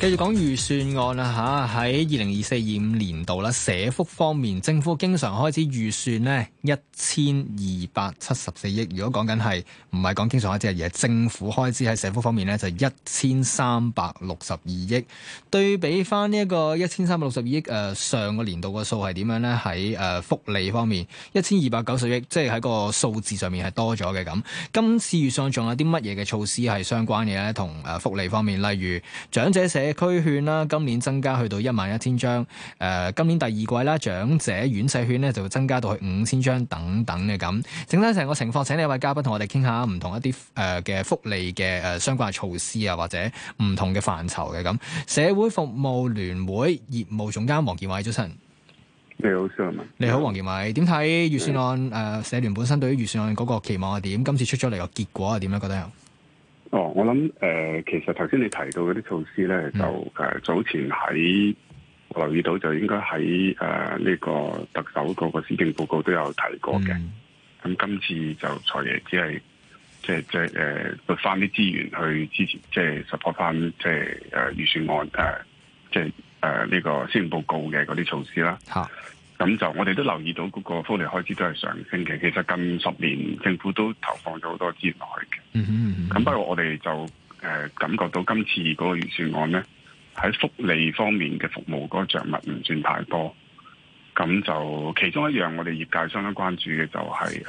繼續講預算案啦吓，喺二零二四二五年度啦，社福方面，政府經常開支預算呢一千二百七十四億。如果講緊係唔係講經常開支而係政府開支喺社福方面呢，就一千三百六十二億。對比翻呢一個一千三百六十二億誒上個年度嘅數係點樣呢？喺誒福利方面一千二百九十億，即係喺個數字上面係多咗嘅。咁今次預算仲有啲乜嘢嘅措施係相關嘅咧？同誒福利方面，例如長者社區券啦，今年增加去到一萬一千張。誒、呃，今年第二季啦，長者院舍券咧就增加到去五千張等等嘅咁。整體成個情況，請你位嘉賓同我哋傾下唔同一啲誒嘅福利嘅誒、呃、相關措施啊，或者唔同嘅範疇嘅咁。社會服務聯會業務總監黃健偉，早晨。你好，張你好，黃健偉。點睇預算案？誒、嗯呃，社聯本身對於預算案嗰個期望係點？今次出咗嚟個結果係點咧？覺得哦，我諗誒、呃，其實頭先你提到嗰啲措施咧，就誒、呃、早前喺我留意到就應該喺誒呢個特首嗰個施政報告都有提過嘅。咁、嗯呃、今次就財爺只係即係即係誒，撥翻啲資源去支持，即係 support 翻，即係誒預算案誒、呃，即係誒呢個施政報告嘅嗰啲措施啦。咁就我哋都留意到嗰個福利開支都係上升嘅。其實近十年政府都投放咗好多資源落去嘅。咁、mm -hmm. 不過我哋就、呃、感覺到今次嗰個預算案咧，喺福利方面嘅服務嗰個著墨唔算太多。咁就其中一樣我哋業界相當關注嘅就係、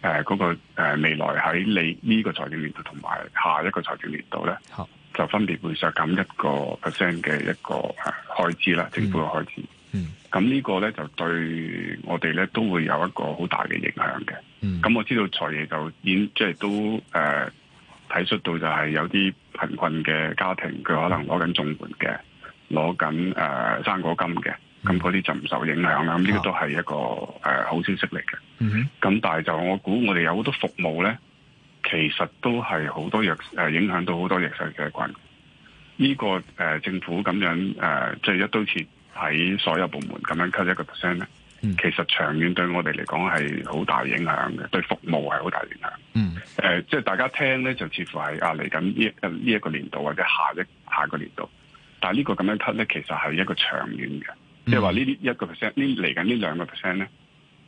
呃、嗰、呃嗰個、呃、未來喺你呢個財政年度同埋下一個財政年度咧，就分別會削減一個 percent 嘅一個開支啦，政府嘅開支。嗯，咁呢個咧就對我哋咧都會有一個好大嘅影響嘅。嗯，咁我知道財爺就已即係都誒睇、呃、出到就係有啲貧困嘅家庭佢可能攞緊綜援嘅，攞緊誒生果金嘅，咁嗰啲就唔受影響啦。咁呢個都係一個誒好消息嚟嘅。嗯、咁、啊呃嗯嗯、但係就我估我哋有好多服務咧，其實都係好多嘢誒影響到好多弱勢嘅群。呢、這個誒、呃、政府咁樣誒即係一刀切，喺所有部門咁樣 cut 一個 percent 咧，其實長遠對我哋嚟講係好大影響嘅，對服務係好大影響。嗯，誒、呃，即係大家聽咧，就似乎係啊，嚟緊呢一呢一個年度或者下一下個年度，但係呢個咁樣 cut 咧，其實係一個長遠嘅，即係話呢啲一個 percent，呢嚟緊呢兩個 percent 咧，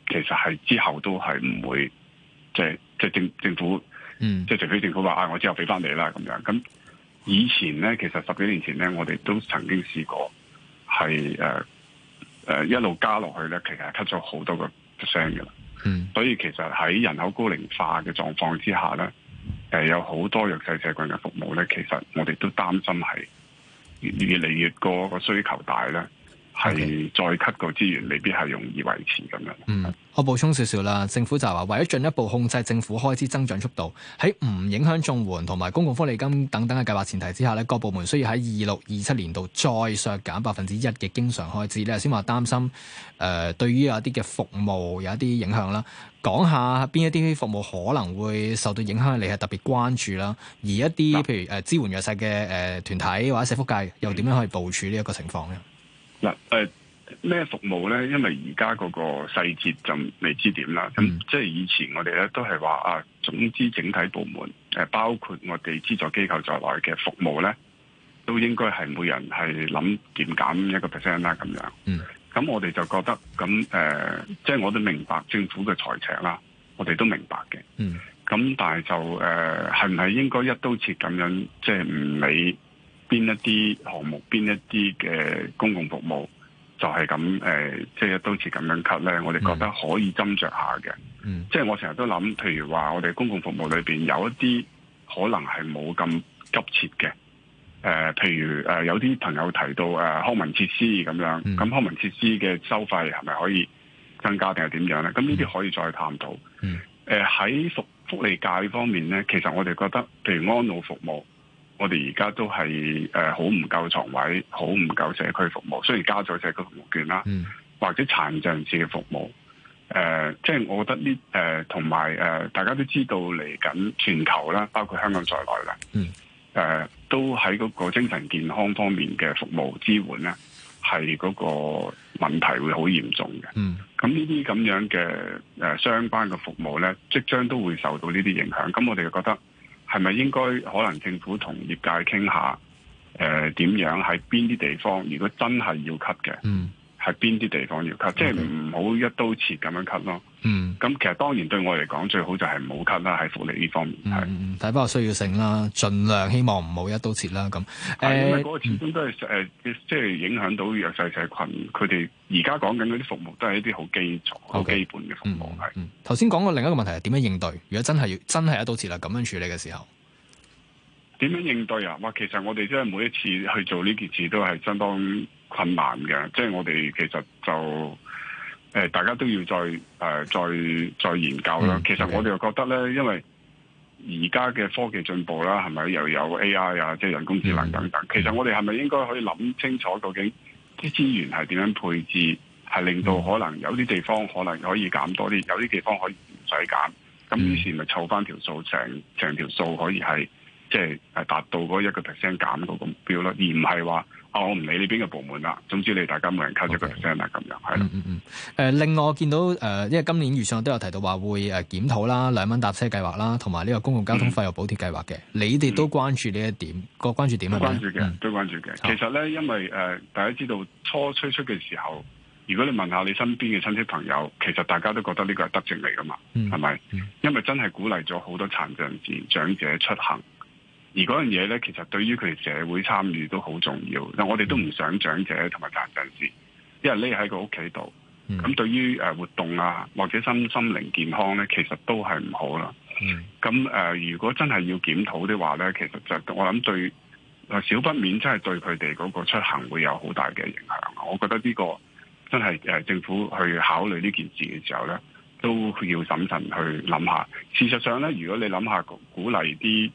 其實係之後都係唔會即係即係政政府，嗯，即係除非政府話啊，我之後俾翻你啦咁樣。咁以前咧，其實十幾年前咧，我哋都曾經試過。係誒誒，一路加落去咧，其實係 cut 咗好多個 percent 嘅啦。嗯，所以其實喺人口高齡化嘅狀況之下咧，誒、呃，有好多弱勢社群嘅服務咧，其實我哋都擔心係越嚟越個個需求大咧。係、okay. 再吸到資源，未必係容易維持咁樣。嗯，我補充少少啦。政府就話為咗進一步控制政府開支增長速度，喺唔影響綜援同埋公共福利金等等嘅計劃前提之下呢，各部門需要喺二六二七年度再削減百分之一嘅經常開支。你頭先話擔心誒、呃、對於有一啲嘅服務有一啲影響啦，講下邊一啲服務可能會受到影響，你係特別關注啦。而一啲譬如誒支援弱勢嘅誒團體或者社福界，又點樣可以部署呢一個情況呢？嗯嗱，誒咩服務咧？因為而家嗰個細節就未知點啦。咁即係以前我哋咧都係話啊，總之整體部門誒，包括我哋資助機構在內嘅服務咧，都應該係每人係諗點減一個 percent 啦，咁樣。嗯。咁我哋就覺得，咁誒，即、呃、係、就是、我都明白政府嘅財赤啦，我哋都明白嘅。嗯。咁但係就誒，係唔係應該一刀切咁樣？即係唔理？邊一啲項目、邊一啲嘅公共服務就係咁誒，即一刀切咁樣 cut 咧，我哋覺得可以斟酌下嘅、嗯。即係我成日都諗，譬如話我哋公共服務裏邊有一啲可能係冇咁急切嘅。誒、呃，譬如誒、呃，有啲朋友提到誒、呃、康文設施咁樣，咁、嗯、康文設施嘅收費係咪可以增加定係點樣咧？咁呢啲可以再探討。誒喺福福利界方面咧，其實我哋覺得，譬如安老服務。我哋而家都係誒好唔夠床位，好唔夠社區服務。雖然加咗社區服務券啦、嗯，或者殘障人士嘅服務，誒、呃，即係我覺得呢誒同埋誒，大家都知道嚟緊全球啦，包括香港在內啦，誒、嗯呃，都喺嗰個精神健康方面嘅服務支援咧，係嗰個問題會好嚴重嘅。咁呢啲咁樣嘅誒相關嘅服務咧，即將都會受到呢啲影響。咁我哋就覺得。係咪應該可能政府同業界傾下？誒、呃、點樣喺邊啲地方？如果真係要 cut 嘅。嗯係邊啲地方要 cut，即係唔好一刀切咁樣 cut 咯。嗯，咁其實當然對我嚟講，最好就係唔好 cut 啦，喺福利呢方面係睇翻需要性啦，盡量希望唔好一刀切啦。咁誒，因為嗰個始終都係誒，即、嗯、係、呃就是、影響到弱勢社群，佢哋而家講緊嗰啲服務都係一啲好基礎、好基本嘅服務係。頭先講過另一個問題係點樣應對？如果真係要真係一刀切啦，咁樣處理嘅時候，點樣應對啊？哇，其實我哋真係每一次去做呢件事都係相當。困難嘅，即係我哋其實就誒、呃，大家都要再誒、呃，再再研究啦。Okay. 其實我哋又覺得咧，因為而家嘅科技進步啦，係咪又有 AI 啊，即係人工智能等等。Yeah. 其實我哋係咪應該可以諗清楚，究竟啲資源係點樣配置，係令到可能有啲地方可能可以減多啲，有啲地方可以唔使減。咁於是咪湊翻條數，成成條數可以係即係係達到嗰一個 percent 減到個目標咯，而唔係話。哦、啊，我唔理呢邊嘅部門啦，總之你大家冇人扣咗個 percent 咁樣係嗯嗯，誒、嗯嗯，另外我見到誒、呃，因為今年預算都有提到話會誒檢討啦，兩蚊搭車計劃啦，同埋呢個公共交通費用補貼計劃嘅，你哋都關注呢一點，嗯，那個關注點咧？關注嘅，都關注嘅、嗯嗯。其實咧，因為誒、呃，大家知道初推出嘅時候，如果你問下你身邊嘅親戚朋友，其實大家都覺得呢個係得正嚟噶嘛，係、嗯、咪、嗯？因為真係鼓勵咗好多殘障者、長者出行。而嗰樣嘢咧，其實對於佢哋社會參與都好重要。我哋都唔想長者同埋殘障人士，因為匿喺個屋企度。咁對於活動啊，或者心心靈健康咧，其實都係唔好啦。咁、嗯呃、如果真係要檢討的話咧，其實就我諗對，少不免真係對佢哋嗰個出行會有好大嘅影響。我覺得呢、呢個真係政府去考慮呢件事嘅時候咧，都要審慎去諗下。事實上咧，如果你諗下鼓勵啲，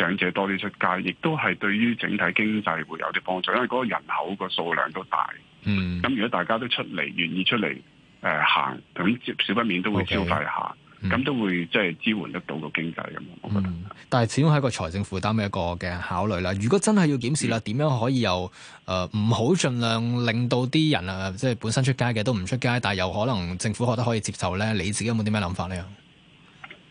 長者多啲出街，亦都係對於整體經濟會有啲幫助，因為嗰個人口個數量都大。嗯，咁如果大家都出嚟願意出嚟誒、呃、行，咁少不免都會消費下，咁、okay. 都會即係、嗯、支援得到個經濟咁。我覺得。嗯、但係，始終係一個財政負擔嘅一個嘅考慮啦。如果真係要檢視啦，點、嗯、樣可以又誒唔好盡量令到啲人啊，即、就、係、是、本身出街嘅都唔出街，但係有可能政府覺得可以接受咧？你自己有冇啲咩諗法咧？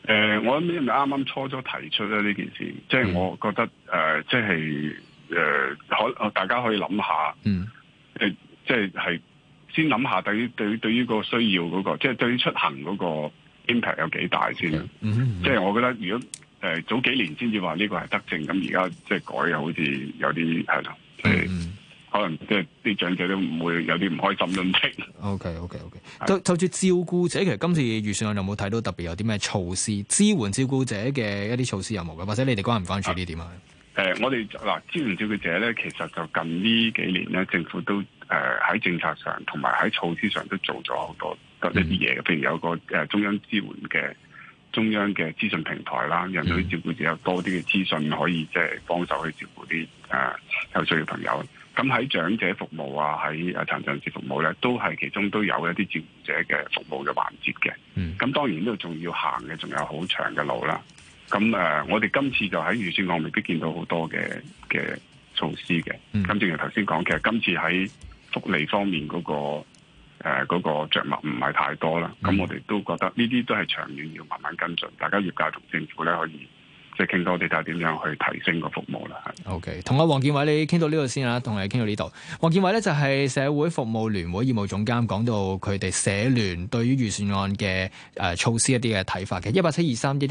誒、呃，我諗呢咪啱啱初初提出咧呢件事，嗯、即係我覺得誒、呃，即係誒，可、呃、大家可以諗下，誒、嗯呃，即係先諗下對，對，對於對對於個需要嗰、那個，即、就、係、是、對於出行嗰個 impact 有幾大先。嗯嗯嗯、即係我覺得如果誒、呃、早幾年先至話呢個係德政，咁而家即係改又好似有啲係啦。可能即係啲長者都唔會有啲唔開心咁樣。O K O K O K 就就照顧者，其實今次預算案有冇睇到特別有啲咩措施支援照顧者嘅一啲措施有冇嘅？或者你哋關唔關注呢啲點啊？誒、呃，我哋嗱、啊、支援照顧者咧，其實就近呢幾年咧，政府都誒喺、呃、政策上同埋喺措施上都做咗好多多一啲嘢嘅。譬如有個誒、呃、中央支援嘅中央嘅資訊平台啦，讓啲照顧者有多啲嘅資訊可以即係幫手去照顧啲誒有需要朋友。咁喺長者服務啊，喺殘障人士服務咧，都係其中都有一啲照顧者嘅服務嘅環節嘅。咁、嗯、當然呢度仲要行嘅仲有好長嘅路啦。咁誒、呃，我哋今次就喺預算案未必見到好多嘅嘅措施嘅。咁、嗯、正如頭先講，其實今次喺福利方面嗰、那個誒嗰、呃那個著墨唔係太多啦。咁我哋都覺得呢啲都係長遠要慢慢跟進，大家業界同政府咧可以。即係傾多啲就係點樣去提升個服務啦。OK，同阿黃建偉你傾到呢度先啦，同你傾到呢度。黃建偉咧就係社會服務聯會業務總監，講到佢哋社聯對於預算案嘅措施一啲嘅睇法嘅。一八七二三一一。